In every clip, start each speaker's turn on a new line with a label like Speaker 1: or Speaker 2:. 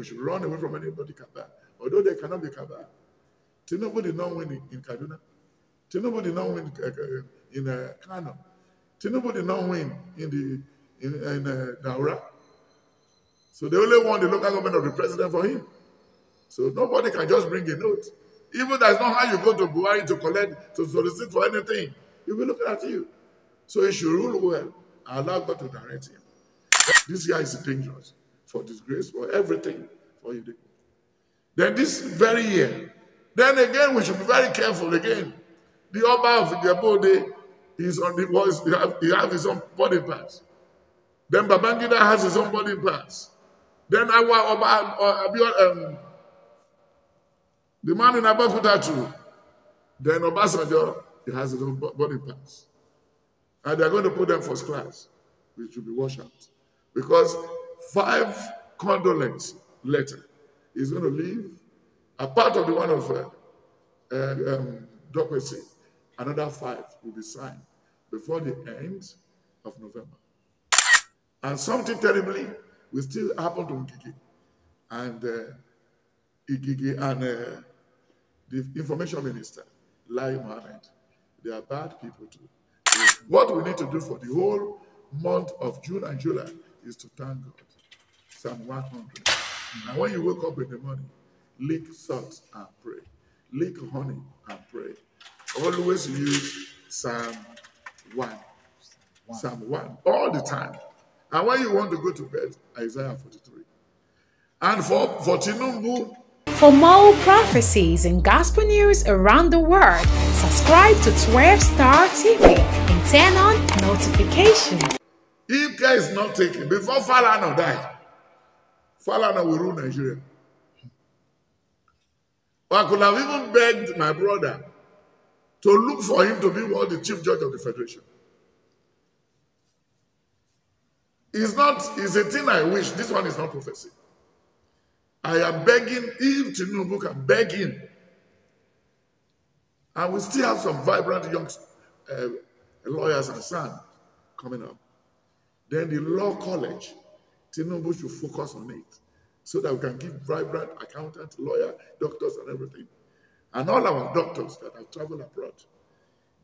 Speaker 1: We should run away from anybody Kaba. Although they cannot be Kaba. To nobody now win in, Kaduna. Tinubu nobody now win uh, uh, in, uh, Kano. Tinubu nobody now win in the in, in uh, Daura. So they only want the local government of the president for him. So nobody can just bring a note. Even that's not how you go to Buhari to collect, to solicit for anything. He will look at you. So he should rule well. Allow God to direct him. This guy is dangerous for disgrace, for everything for you. Then this very year, then again we should be very careful again. The Oba of body is on the voice, he have, he have his own body parts. Then Babangida has his own body parts. Then Awa Oba, uh, um, the man in Abakuta too. Then Obasanjo, he has his own body parts. And they're going to put them first class. We should be washed out. Because five condolence letter. He's going to leave a part of the one of uh, uh, um, Another five will be signed before the end of November. And something terribly will still happen to Ngigi. And uh, Igigi and uh, the information minister, Lai Mohammed, they are bad people too. What we need to do for the whole month of June and July is to thank God. Psalm 100. And when you wake up in the morning, lick salt and pray. Lick honey and pray. Always use Psalm 1. Psalm 1. All the time. And when you want to go to bed, Isaiah 43. And for, for Tinubu. For more prophecies and gospel news around the world, subscribe to 12 Star TV and turn on notifications. If care is not taken, before Falano died, Falana will rule Nigeria. I could have even begged my brother to look for him to be one the chief judge of the federation. It's not, it's a thing I wish. This one is not prophecy. I am begging, if Tinubu can beg him, and we still have some vibrant young uh, lawyers and son coming up. Then the law college, Tinubu should focus on it so that we can give vibrant accountants, lawyer, doctors, and everything.
Speaker 2: And all our doctors
Speaker 1: that have traveled abroad,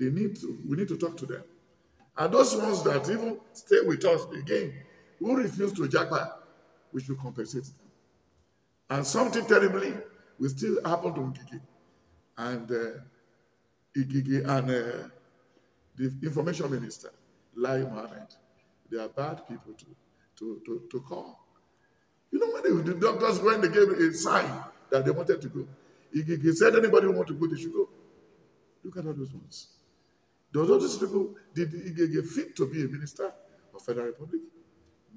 Speaker 1: they need to, we need to talk to them. And those ones that even stay with us again, who refuse to jackpot, we should compensate them. And something terribly will still happen to Ngigi. And uh, Igigi and uh, the information minister, Lai Mohammed, they are bad people to, to, to, to call. You know, when the, the doctors, when they gave a sign that they wanted to go, he, he said, anybody who want to go, they should go. Look at all those ones. Does all these people, did he get fit to be a minister of Federal Republic?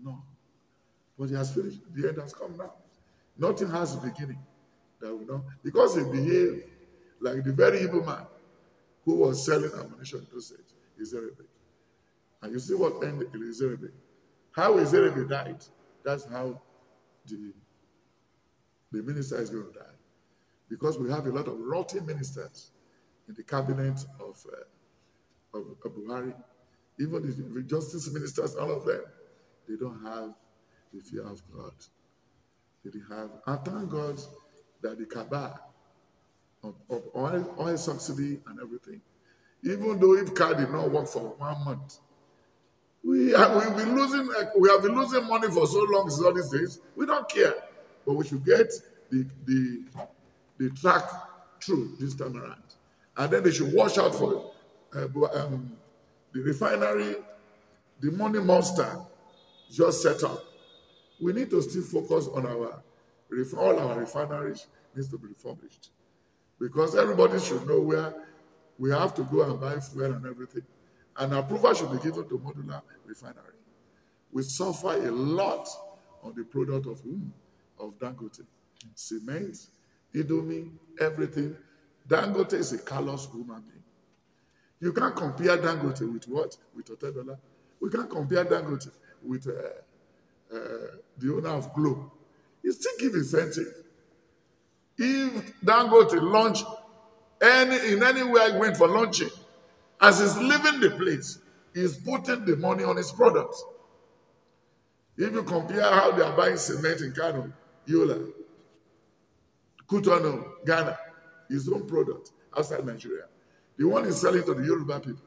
Speaker 1: No. But he has finished. The end has come now. Nothing has a beginning. That we know. Because he behaved like the very evil man who was selling ammunition to Sage, Ezerebe. And you see what ended Ezerebe. How Ezerebe died, that's how the, the minister is going to die. Because we have a lot of rotten ministers in the cabinet of, uh, of, of Buhari. Even the, the justice ministers, all of them, they don't have the fear of God. They have, and thank God that the cabal of, of oil, oil subsidy and everything, even though if car did not work for one month, We have, we've been losing, we have been losing money for so long, all these days. We don't care. But we should get the, the, the track through this time around. And then they should watch out for uh, um, the refinery, the money monster just set up. We need to still focus on our, all our refineries needs to be refurbished. Because everybody should know where we have to go and buy fuel and everything. and approval should be given to modular refinery. We suffer a lot on the product of whom? Of Dangote. Cement, Idomi, everything. Dangote is a callous human being. You can't compare Dangote with what? With Otedola. We can't compare Dangote with uh, uh, the owner of Globe. He still give incentive. If Dangote launch any in anywhere he went for launching, as he's leaving the place, he's putting the money on his product. If you compare how they are buying cement in Kano, Yola, Kutono, Ghana, his own product outside Nigeria, the one he's selling to the Yoruba people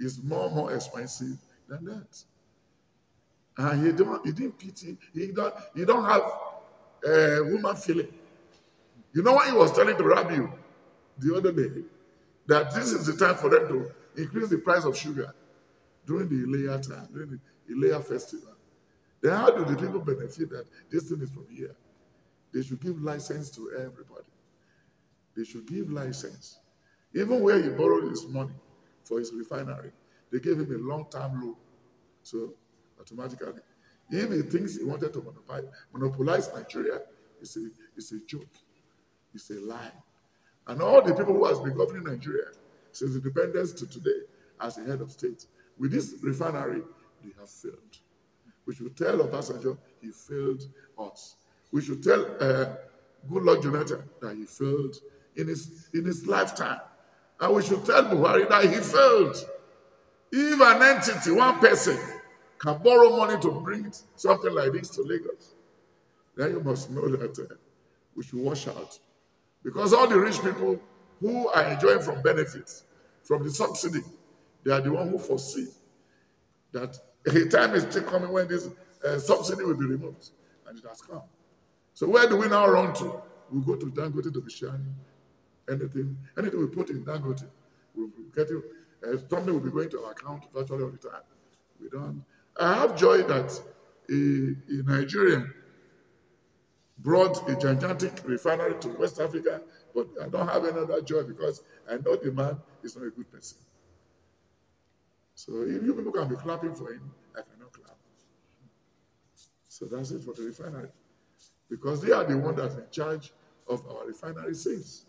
Speaker 1: is more more expensive than that. And he don't he didn't pity, he don't he don't have a eh, woman feeling. You know what he was telling to you the other day? that this is the time for them to increase the price of sugar during the Ilea time, during the Ilea festival. Then how do the people benefit that this thing is from here? They should give license to everybody. They should give license. Even where he borrowed his money for his refinery, they gave him a long-term loan. So automatically, if he thinks he wanted to monopolize Nigeria, it's a, it's a joke. It's a lie and all the people who has been governing Nigeria since independence to today as the head of state. With this refinery, they have failed. We should tell Obasanjo he failed us. We should tell uh, good Lord Jonathan that he failed in his, in his lifetime. And we should tell Buhari that he failed. If an entity, one person, can borrow money to bring something like this to Lagos, then you must know that uh, we should wash out because all the rich people who are enjoying from benefits, from the subsidy, they are the one who foresee that a time is still coming when this uh, subsidy will be removed. And it has come. So where do we now run to? We go to Dangote to be sharing anything. Anything we put in Dangote, we'll get it. Uh, something will be going to our account virtually all the time. We don't. I have joy that a, a Nigerian brought a gigantic refinery to West Africa, but I don't have another job because I know the man is not a good person. So if you people can be clapping for him, I cannot clap. So that's it for the refinery. Because they are the one that's in charge of our refinery sales.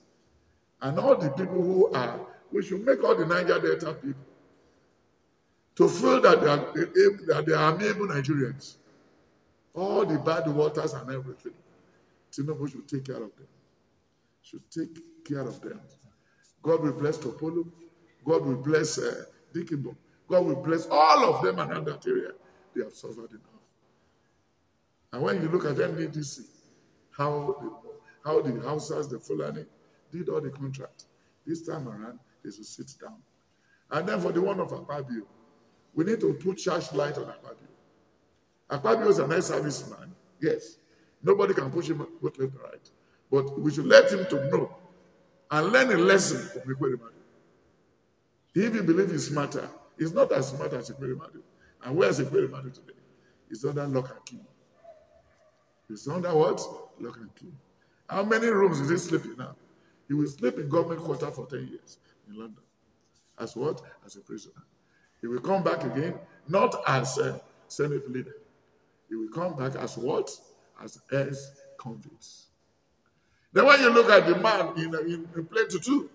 Speaker 1: And all the people who are, we should make all the Niger Delta people to feel that they are, that they are amiable Nigerians. All the bad waters and everything. Tinubu should take care of them. Should take care of them. God will bless Topolo. God will bless uh, Dikimbo. God will bless all of them around that area. They have suffered enough.
Speaker 2: And when you look at
Speaker 1: NDC, how the, how the houses, the Fulani, did all the contract. This time around, they should sit down. And then for the one of Akpabio, we need to put church light on Akpabio. Akpabio is a nice serviceman, yes. Nobody can push him both left and right. But we should let him to know and learn a lesson from Ekwerimadu. If you believe he's smarter, he's not as smart as Ekwerimadu. And where's Ekwerimadu today? He's under lock and key. He's under what? Lock and key. How many rooms is he sleeping now? He will sleep in government quarter for 10 years in London. As what? As a prisoner. He will come back again, not as a Senate leader. He will come back as what? as ex convicts.
Speaker 2: Then, when you look at the
Speaker 1: man in, in, in Plato 2,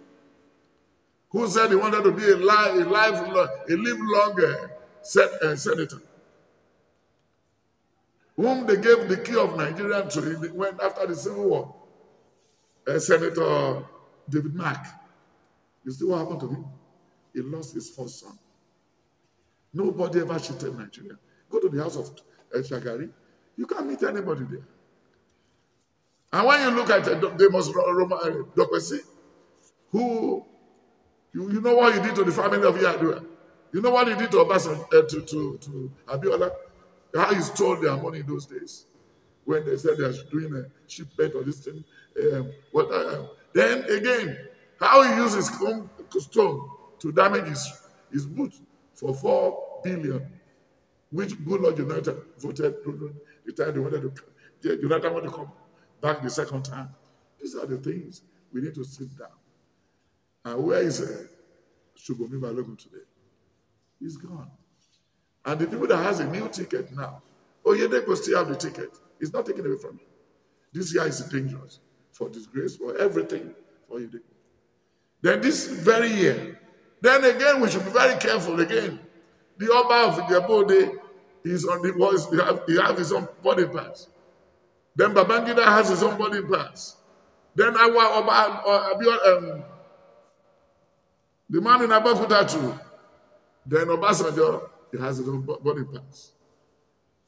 Speaker 1: who said he wanted to be a life, a life, a live longer uh, senator, whom they gave the key of Nigeria to when after the Civil War, uh, Senator David Mack. You see what happened to him? He lost his first son. Nobody ever cheated Nigeria. Go to the house of uh, Shagari. You can't meet anybody there. And when you look at the famous Roman eh, Dr. who, you, you know what he did to the family of Yadua. You know what he did to Obasan, uh, eh, to, to, to Abiola? How he stole their money in those days when they said they are doing a cheap bet or this thing. Um, what, uh, then again, how he used his stone to damage his, his boot for four billion, which Good Lord United voted to the time they wanted to, not want to come back the second time. These are the things we need to sit down. And where is uh, eh, Shubomi Balogun today? He's gone. And the people that has a new ticket now, Oyedepo still have the ticket. It's not taken away from him. This year is dangerous for disgrace, for everything for Oyedepo. Then this very year, then again we should be very careful again. The Oba of body. He's on the voice. He have, he have his own body parts. Then Babangida has his own body parts. Then Awa Oba, uh, um, the man in Abakuta too. Then Obasanjo, he has his own body parts,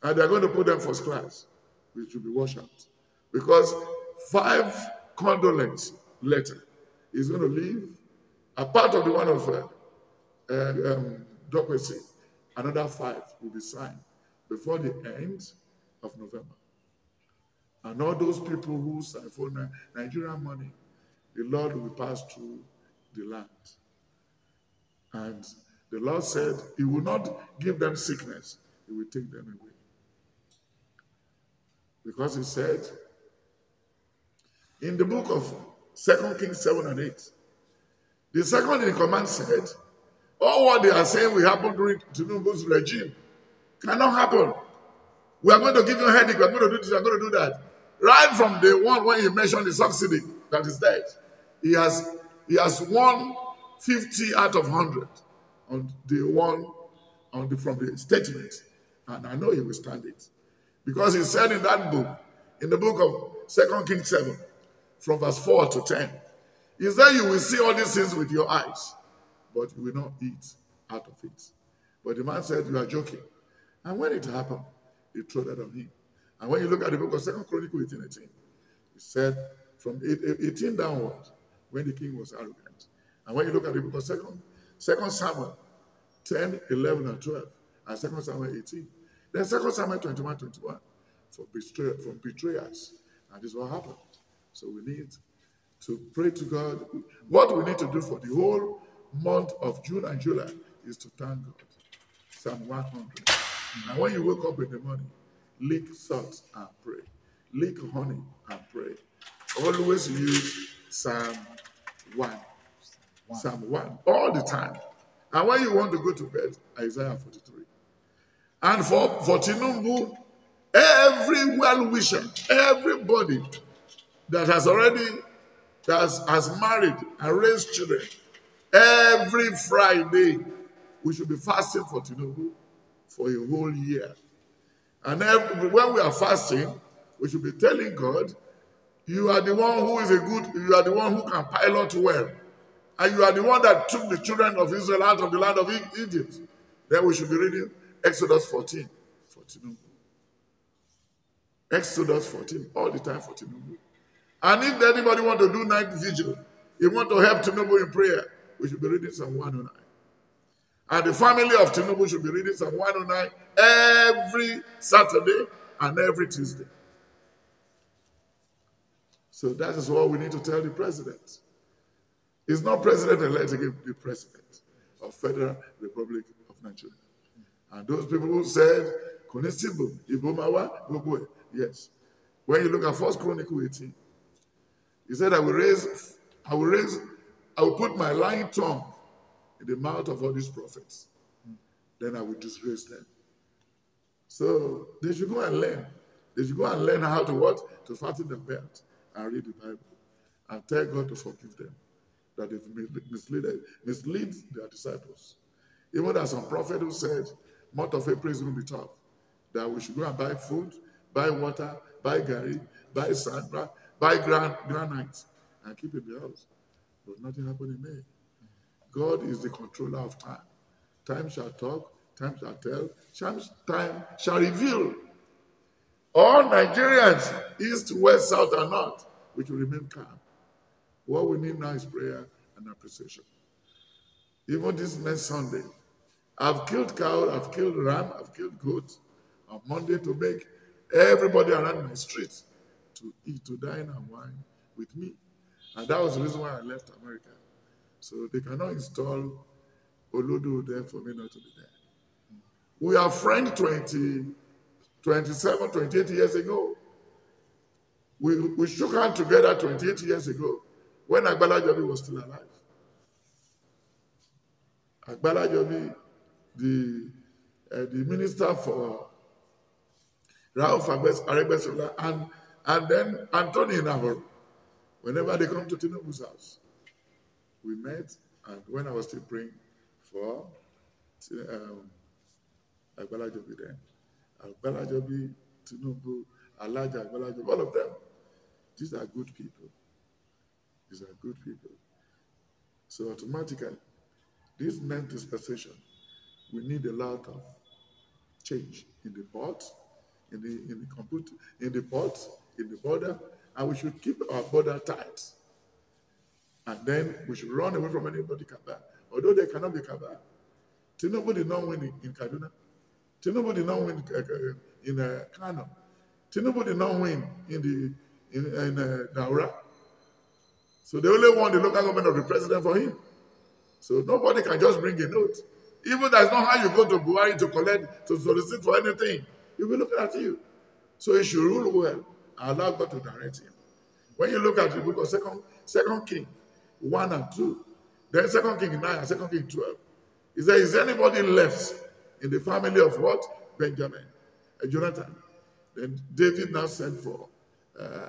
Speaker 1: And they're going to put them first class, which will be washed out. Because five condolence letter is going to leave a part of the one of uh, uh, um, Another five will be signed before the end of November. And all those people who sign for Nigerian money, the Lord will pass through the land. And the Lord said, He will not give them sickness, He will take them away. Because He said, in the book of Second Kings 7 and 8, the second in command said, all what they are saying will happen during Tinubu's regime cannot happen. We are going to give you a headache. We are going to do this. We are going to do that. Right from the one, when he mentioned the subsidy that is dead, he has he has won 50 out of 100 on the one on the from the statement, and I know he will stand it because he said in that book, in the book of Second King seven, from verse four to ten, he said, "You will see all these things with your eyes." but you will not eat out of it. But the man said, You are joking. And when it happened, he threw that on him. And when you look at the book of Second Chronicle 18, 18, it said from 18 downward, when the king was arrogant. And when you look at the book of Second, Second Samuel 10, 11, and 12, and Second Samuel 18, then Second Samuel 21, 21, for betray, from betrayers. And this is what happened. So we need to pray to God. What we need to do for the whole month of June and July is to thank God. Psalm 100. And when you wake up in the morning, lick salt and pray. Lick honey and pray. Always use Psalm 1. Psalm 1. All the time. And when you want to go to bed, Isaiah 43. And for, for Tinubu, every well-wisher, everybody that has already that has, has married and raised children Every Friday, we should be fasting for Tinubu for a whole year. And every, when we are fasting, we should be telling God, you are the one who is a good, you are the one who can pilot well. And you are the one that took the children of Israel out of the land of Egypt. Then we should be reading Exodus 14 for Tinubu. Exodus 14, all the time for Tinubu. And if anybody want to do night vigil, you want to help Tinubu in prayer, we should be reading Psalm 109. And the family of Tinubu should be reading Psalm 109 every Saturday and every Tuesday. So that is what we need to tell the president. He's not president-elect again, the president of Federal Republic of Nigeria. And those people who said, Konisibu, Ibomawa, Gogwe. Yes. When you look at First Chronicle 18, he said, I will raise, I will raise I will put my lying tongue in the mouth of all these prophets. Then I will disgrace them. So they should go and learn. They should go and learn how to what? To fasten the belt and read the Bible and tell God to forgive them that they've misled, misled their disciples. Even there's some prophet who said, month of April is going to be tough. That we should go and buy food, buy water, buy Gary, buy sand, buy gran- granite, and keep in the house but nothing happened in May. God is the controller of time. Time shall talk, time shall tell, time shall reveal. All Nigerians, east, west, south, and north, which will remain calm. What we need now is prayer and appreciation. Even this next Sunday, I've killed cow, I've killed ram, I've killed goat on Monday to make everybody around my street to eat, to dine and wine with me
Speaker 2: and that was the reason
Speaker 1: why I left America. So they cannot install Olodo there for me not to be there. We are friends 20, 27, 28 years ago. We, we shook hands together 28 years ago when Agbala Jobi was still alive. Agbala Jobi, the, uh, the minister for Ralph Arebesula, and, and then Anthony Navarro. Whenever they come to Tinubu's house, we met, and when I was still praying for um, Agbala Jobi then, Agbala Jobi, Tinubu, Alaja Agbala Jobi, all of them, these are good people. These are good people. So automatically, this meant dispensation, we need a lot of change in the port, in the in the computer, in the port, in the border, and we should keep our border tight. And then we should run away from anybody Kabba. Although they cannot be Kabba. till nobody not win in, in Kaduna. till nobody not win in, uh, uh, in uh, Kano. till nobody not win in the in, uh, in uh, Daura. So they only want the local government of the president for him. So nobody can just bring a note. Even that's not how you go to Buhari to collect, to solicit for anything. He will look at you. So he should rule well. Allow God to direct him. When you look at the book of Second, Second King 1 and 2, then Second King 9 and Second King 12, is there is anybody left in the family of what? Benjamin, uh, Jonathan. Then David now sent for uh,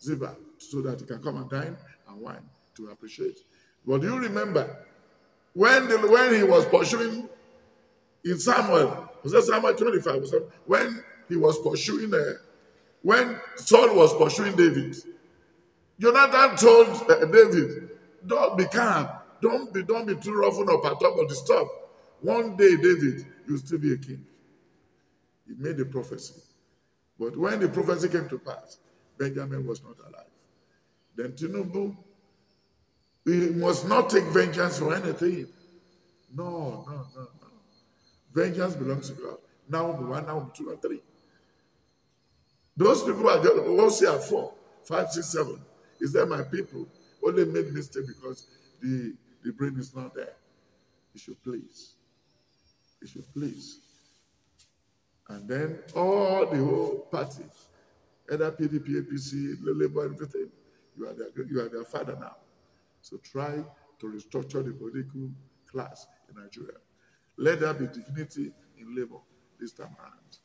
Speaker 1: Ziba so that he can come and dine and wine to appreciate. But do you remember when, the, when he was pursuing in Samuel, was that Samuel 25? when he was pursuing uh, when Saul was pursuing David, Jonathan told uh, David, "Don't be calm. Don't be don't be too roughened up at of the stuff. One day, David, you'll still be a king." He made a prophecy, but when the prophecy came to pass, Benjamin was not alive. Then Tinubu, we must not take vengeance for anything. No, no, no, no. Vengeance belongs to God. Now, one, now, two, and three. Those people are just, once you are four, five, six, seven, is that my people only made mistake because the, the brain is not there. It should please. It should please. And then all the whole party, either PDP, APC, Labour, everything, you are, their, you are their father now. So try to restructure the political class in Nigeria. Let there be dignity in labor this time around.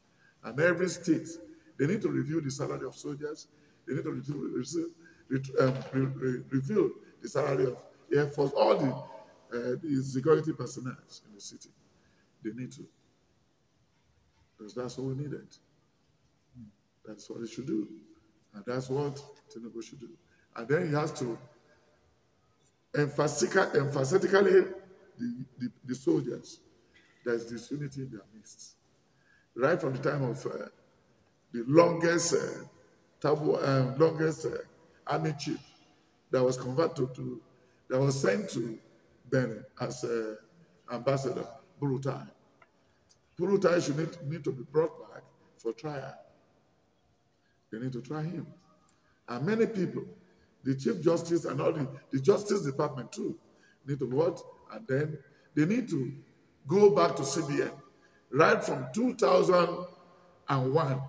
Speaker 1: And every state they need to review the salary of soldiers. They need to um, review, the salary of Air Force, all the, uh, the security personnel in the city. They need to. Because that's what we needed. Hmm. That's what they should do. And that's what Tinubu should do. And then he has to emphatically, emphatically the, the, the soldiers. There's disunity in their midst. Right from the time of uh, the longest uh, tabu, uh, um, longest uh, army chief that was converted to, that was sent to Benin as uh, ambassador, Burutai. Burutai should need, need to be brought back for trial. They need to try him. And many people, the Chief Justice and all the, the Justice Department too, need to what? And then they need to go back to CBN. Right from 2001,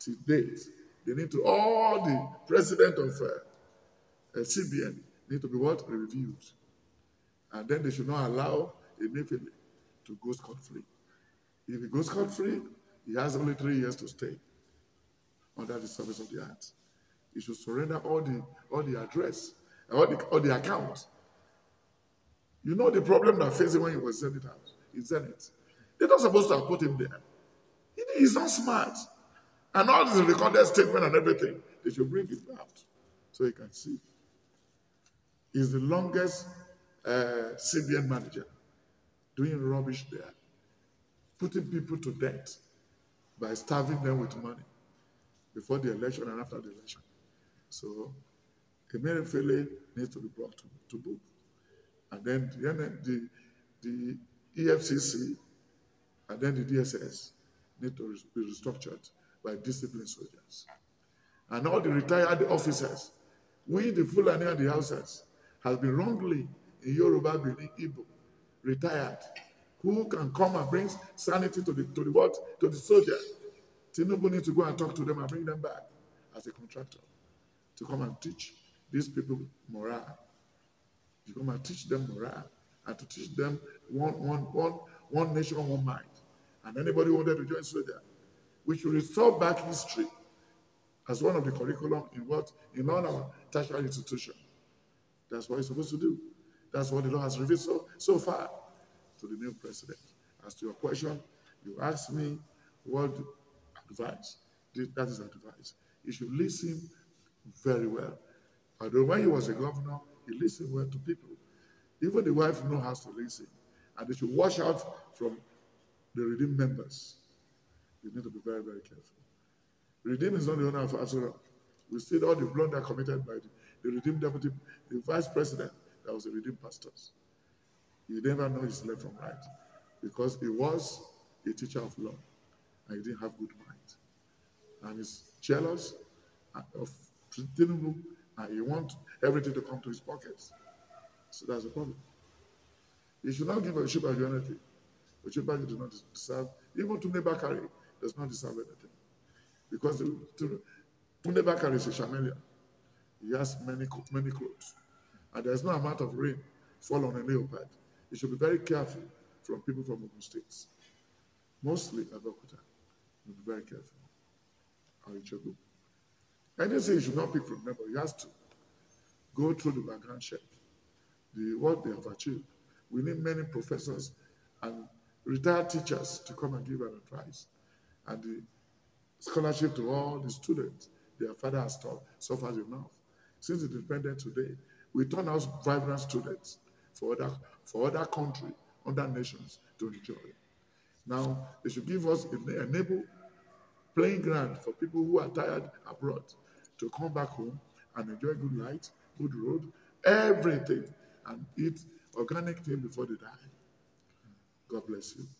Speaker 1: to date. They need to, all the president of uh, uh CBN need to be what? Reviewed. And then they should not allow Emefiele to go scot-free. If he goes scot-free, he has only three years to stay under the service of the art. He should surrender all the all the address, all the all the accounts. You know the problem that faced him when he was out. He's in it. They're not supposed to have put him there. He, he's not smart. And all this recorded statement and everything, they should bring it out so you can see. He's the longest uh, CBN manager doing rubbish there, putting people to death by starving them with money before the election and after the election. So Emerifele needs to be brought to, to book. And then the, the, the EFCC and then the DSS need to be restructured by disciplined soldiers. And all the retired officers, we, the Fulani and the houses, have been wrongly in Yoruba, Benin, Igbo, retired. Who can come and bring sanity to the, to the what? To the soldier. Tinubu needs to go and talk to them and bring them back as a contractor to come and teach these people morale. To come and teach them morale and to teach them one, one, one, one nation, one mind. And anybody wanted to join soldier, we should restore back history as one of the curriculum in what in all our tertiary institution. That's what you're supposed to do. That's what the law has revealed so, so far to the new president. As to your question, you asked me what advice. That is advice. You should listen very well. Although when he was a governor, he listened well to people. Even the wife knows how to listen. And they should watch out from the redeemed members. You need to be very, very careful. Redeem is not the owner of Azura. We see all the blunder committed by the, the redeemed deputy, the vice president that was a redeemed pastor. You never know his left from right because he was a teacher of law and he didn't have good mind. And he's jealous of Tinubu and he wants everything to come to his pockets. So that's the problem. You should not give a sheep a unity. The sheep does not deserve, even to carry does not deserve anything. Because the, the, Puneba carries a chameleon. He has many, many clothes. And there's no amount of rain fall on a leopard. You should be very careful from people from other states. Mostly Abakuta. You be very careful. I didn't say you should not pick from them, but you have to go through the background check, the, what they have achieved. We need many professors and retired teachers to come and give an advice. And the scholarship to all the students their father has taught, so far enough. Since it independence today, we turn out vibrant students for other, for other country, other nations to enjoy. Now, they should give us, enable playing ground for people who are tired abroad to come back home and enjoy good light, good road, everything, and eat organic thing before they die. God bless you.